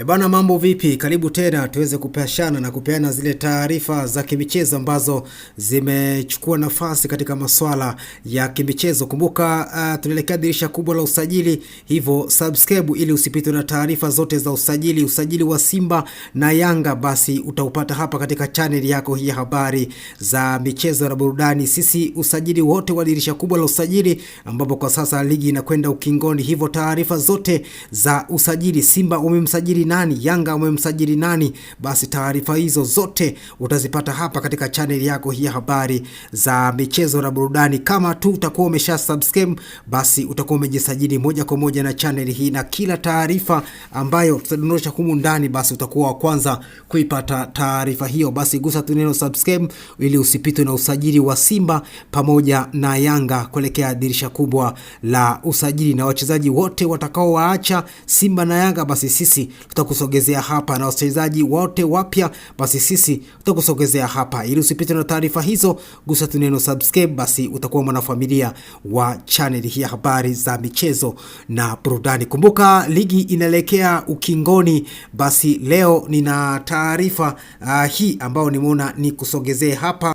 E bana, mambo vipi? Karibu tena tuweze kupashana na kupeana zile taarifa za kimichezo ambazo zimechukua nafasi katika masuala ya kimichezo. Kumbuka uh, tunaelekea dirisha kubwa la usajili, hivyo subscribe ili usipitwe na taarifa zote za usajili. Usajili wa Simba na Yanga basi utaupata hapa katika channel yako hii habari za michezo na burudani. Sisi usajili wote wa dirisha kubwa la usajili, ambapo kwa sasa ligi inakwenda ukingoni, hivyo taarifa zote za usajili Simba umemsajili nani, Yanga umemsajiri nani? Basi taarifa hizo zote utazipata hapa katika chaneli yako hii ya habari za michezo na burudani. Kama tu utakuwa umesha subscribe, basi utakuwa umejisajili moja kwa moja na chaneli hii, na kila taarifa ambayo tutadondosha humu ndani, basi utakuwa wa kwanza kuipata taarifa hiyo. Basi gusa tu neno subscribe ili usipitwe na usajili wa Simba pamoja na Yanga kuelekea dirisha kubwa la usajili, na wachezaji wote watakaowaacha Simba na Yanga, basi sisi tutakusogezea hapa, na wasikilizaji wote wapya, basi sisi tutakusogezea hapa. Ili usipitwe na taarifa hizo, gusa tu neno subscribe, basi utakuwa mwanafamilia wa channel hii ya habari za michezo na burudani. Kumbuka ligi inaelekea ukingoni, basi leo nina taarifa uh, hii ambayo nimeona ni kusogezee hapa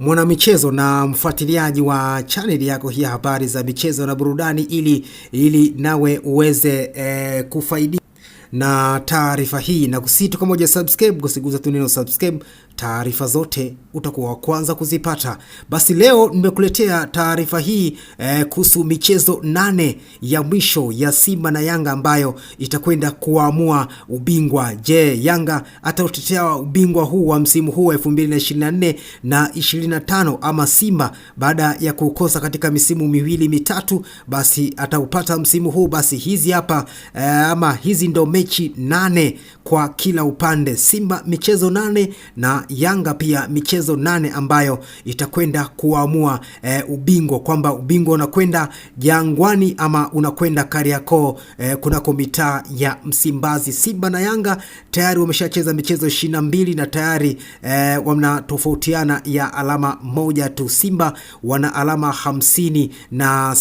mwanamichezo na mfuatiliaji wa chaneli yako hii habari za michezo na burudani, ili ili nawe uweze eh, kufaidi na taarifa hii, na kusitu kama uja subscribe kusiguza tu neno subscribe taarifa zote utakuwa wa kwanza kuzipata. Basi leo nimekuletea taarifa hii eh, kuhusu michezo nane ya mwisho ya Simba na Yanga ambayo itakwenda kuamua ubingwa. Je, Yanga atautetea ubingwa huu wa msimu huu wa 2024 na 25 ama Simba baada ya kukosa katika misimu miwili mitatu, basi ataupata msimu huu? Basi hizi hapa eh, ama hizi ndo mechi nane kwa kila upande. Simba michezo nane na Yanga pia michezo nane ambayo itakwenda kuamua e, ubingwa kwamba ubingwa unakwenda Jangwani ama unakwenda Kariakoo e, kunako mitaa ya Msimbazi. Simba na Yanga tayari wameshacheza michezo 22 na tayari e, wanatofautiana ya alama moja tu. Simba wana alama 57 na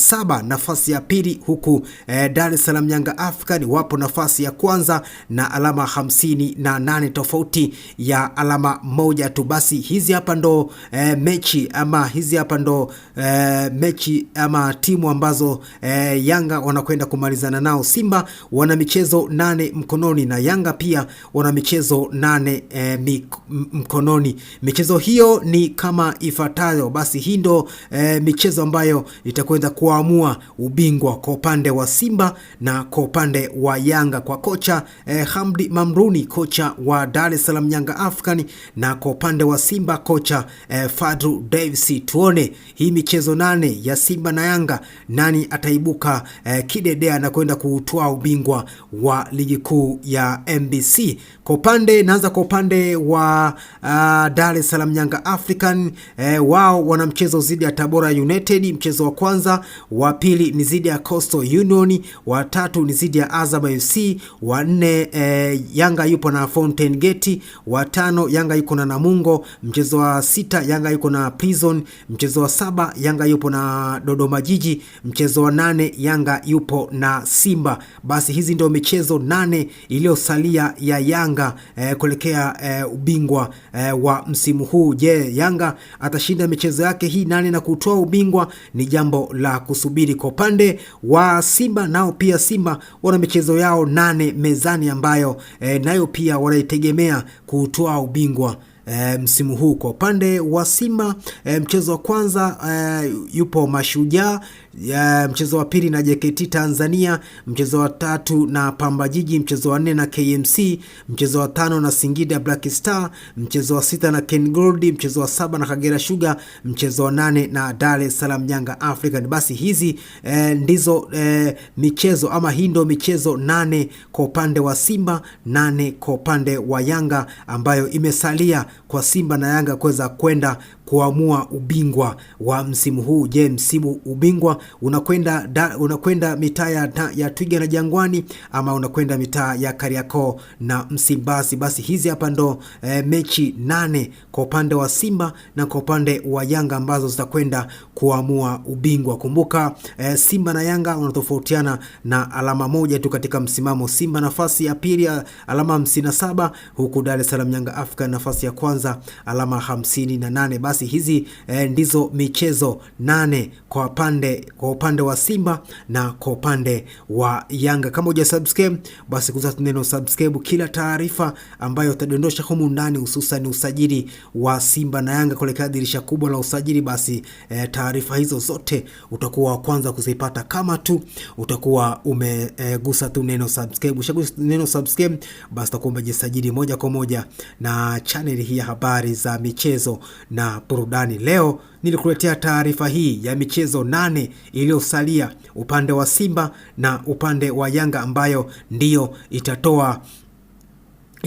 nafasi ya pili, huku e, Dar es Salaam Yanga African wapo nafasi ya kwanza na alama 58 na tofauti ya alama moja tu. Basi hizi hapa ndo e, mechi ama hizi hapa ndo e, mechi ama timu ambazo e, Yanga wanakwenda kumalizana nao. Simba wana michezo nane mkononi na Yanga pia wana michezo nane e, mik, mkononi. Michezo hiyo ni kama ifuatayo. Basi hii ndo e, michezo ambayo itakwenda kuamua ubingwa kwa upande wa Simba na kwa upande wa Yanga kwa kocha e, Hamdi Mamruni kocha wa Dar es Salaam Yanga African na na kwa upande wa Simba kocha eh, Fadru Davis, tuone hii michezo nane ya Simba na Yanga nani ataibuka eh, kidedea na kwenda kutoa ubingwa wa ligi kuu ya MBC. Kwa upande naanza kwa upande wa uh, Dar es Salaam Yanga African eh, wao wana mchezo dhidi ya Tabora United, mchezo wa kwanza, wa pili ni dhidi ya Coastal Union, wa tatu ni dhidi ya Azam FC, wa nne eh, Yanga yupo na Fountain Gate, wa tano Yanga yuko na Namungo, mchezo wa sita Yanga yuko na Prison, mchezo wa saba Yanga yupo na Dodoma Jiji, mchezo wa nane Yanga yupo na Simba. Basi hizi ndio michezo nane iliyosalia ya Yanga eh, kuelekea eh, ubingwa eh, wa msimu huu. Je, Yanga atashinda michezo yake hii nane na kutoa ubingwa? Ni jambo la kusubiri. Kwa upande wa Simba nao pia Simba wana michezo yao nane mezani ambayo eh, nayo pia wanaitegemea kutoa ubingwa e, msimu huu. Kwa upande wa Simba e, mchezo wa kwanza e, yupo Mashujaa e, mchezo wa pili na JKT Tanzania, mchezo wa tatu na Pamba Jiji, mchezo wa nne na KMC, mchezo wa tano na Singida Black Star, mchezo wa sita na Ken Gold, mchezo wa saba na Kagera Sugar, mchezo wa nane na Dar es Salaam Yanga African. Basi hizi e, ndizo e, michezo ama hii ndo michezo nane kwa upande wa Simba, nane kwa upande wa Yanga ambayo imesalia kwa Simba na Yanga kuweza kwenda kuamua ubingwa wa msimu huu. Je, msimu ubingwa unakwenda unakwenda mitaa ya, ya Twiga na Jangwani ama unakwenda mitaa ya Kariakoo na Msimbazi? Basi hizi hapa ndo e, mechi nane kwa upande wa Simba na kwa upande wa Yanga ambazo zitakwenda kuamua ubingwa. Kumbuka e, Simba na Yanga wanatofautiana na alama moja tu katika msimamo. Simba nafasi ya pili alama 57 huku Dar es Salaam Yanga Afrika nafasi ya kwanza kwanza alama 58. Basi hizi eh, ndizo michezo nane kwa upande kwa upande wa Simba na kwa upande wa Yanga. Kama uja subscribe basi kuza neno subscribe, kila taarifa ambayo utadondosha humu ndani, hususan usajili wa Simba na Yanga kuelekea dirisha kubwa la usajili, basi eh, taarifa hizo zote utakuwa wa kwanza kuzipata kama tu utakuwa umegusa eh, tu neno subscribe. Ushagusa neno subscribe, basi utakuwa umejisajili moja kwa moja na channel hii habari za michezo na burudani. Leo nilikuletea taarifa hii ya michezo nane iliyosalia upande wa Simba na upande wa Yanga ambayo ndiyo itatoa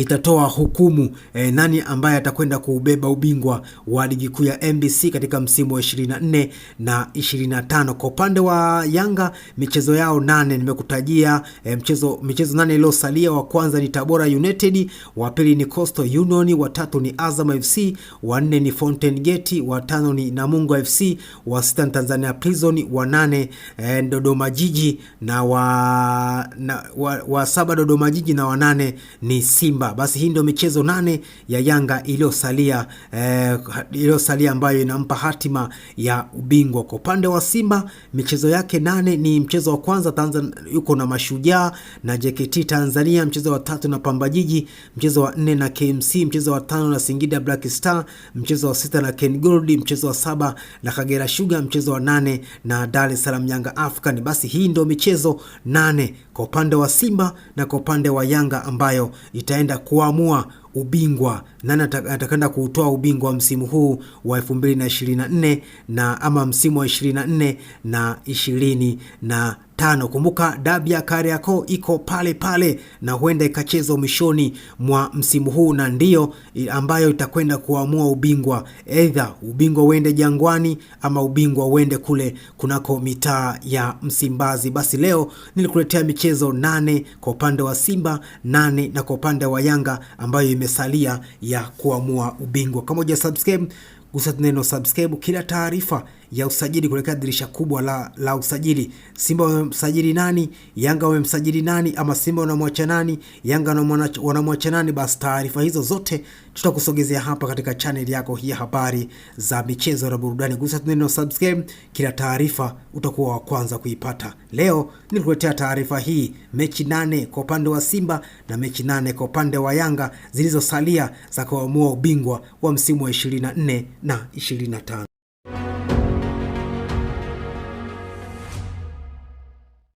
itatoa hukumu eh, nani ambaye atakwenda kuubeba ubingwa wa ligi kuu ya NBC katika msimu wa 24 na 25. Kwa upande wa Yanga michezo yao nane nimekutajia, eh, mchezo michezo nane iliyosalia, wa kwanza ni Tabora United, wa pili ni Coastal Union, wa tatu ni Azam FC, wa nne ni Fountain Gate, wa tano ni Namungo FC, wa sita ni Tanzania Prison, wa nane eh, Dodoma Jiji na wa, na, wa, wa saba Dodoma Jiji na wa nane ni Simba. Basi hii ndio michezo nane ya Yanga iliyosalia eh, iliyosalia ambayo inampa hatima ya ubingwa. Kwa upande wa Simba michezo yake nane ni mchezo wa kwanza Tanzania yuko na Mashujaa na JKT Tanzania, mchezo wa tatu na Pamba Jiji, mchezo wa nne na KMC, mchezo wa tano na Singida Black Star, mchezo wa sita na Ken Gold, mchezo wa saba na Kagera Sugar, mchezo wa nane na Dar es Salaam Yanga African. Basi hii ndio michezo nane kwa upande wa Simba na kwa upande wa Yanga ambayo itaenda kwenda kuamua ubingwa, nani atakenda kuutoa ubingwa msimu huu wa 2024 na ama msimu wa 24 na 20 na tano. Kumbuka dabi ya Kariakoo iko pale pale na huenda ikachezwa mwishoni mwa msimu huu, na ndiyo ambayo itakwenda kuamua ubingwa, aidha ubingwa uende Jangwani ama ubingwa uende kule kunako mitaa ya Msimbazi. Basi leo nilikuletea michezo nane kwa upande wa Simba, nane na kwa upande wa Yanga ambayo imesalia ya kuamua ubingwa. Kama hujasubscribe, gusa neno subscribe, kila taarifa ya usajili kuelekea dirisha kubwa la, la usajili. Simba wamemsajili nani? Yanga wamemsajili nani? Ama Simba wanamwacha nani? Yanga wanamwacha nani? Basi taarifa hizo zote tutakusogezea hapa katika channel yako hii habari za michezo na burudani. Gusa neno subscribe, kila taarifa utakuwa wa kwanza kuipata. Leo nilikuletea taarifa hii, mechi nane kwa upande wa Simba na mechi nane kwa upande wa Yanga zilizosalia za kuamua ubingwa wa msimu wa 24 na 25.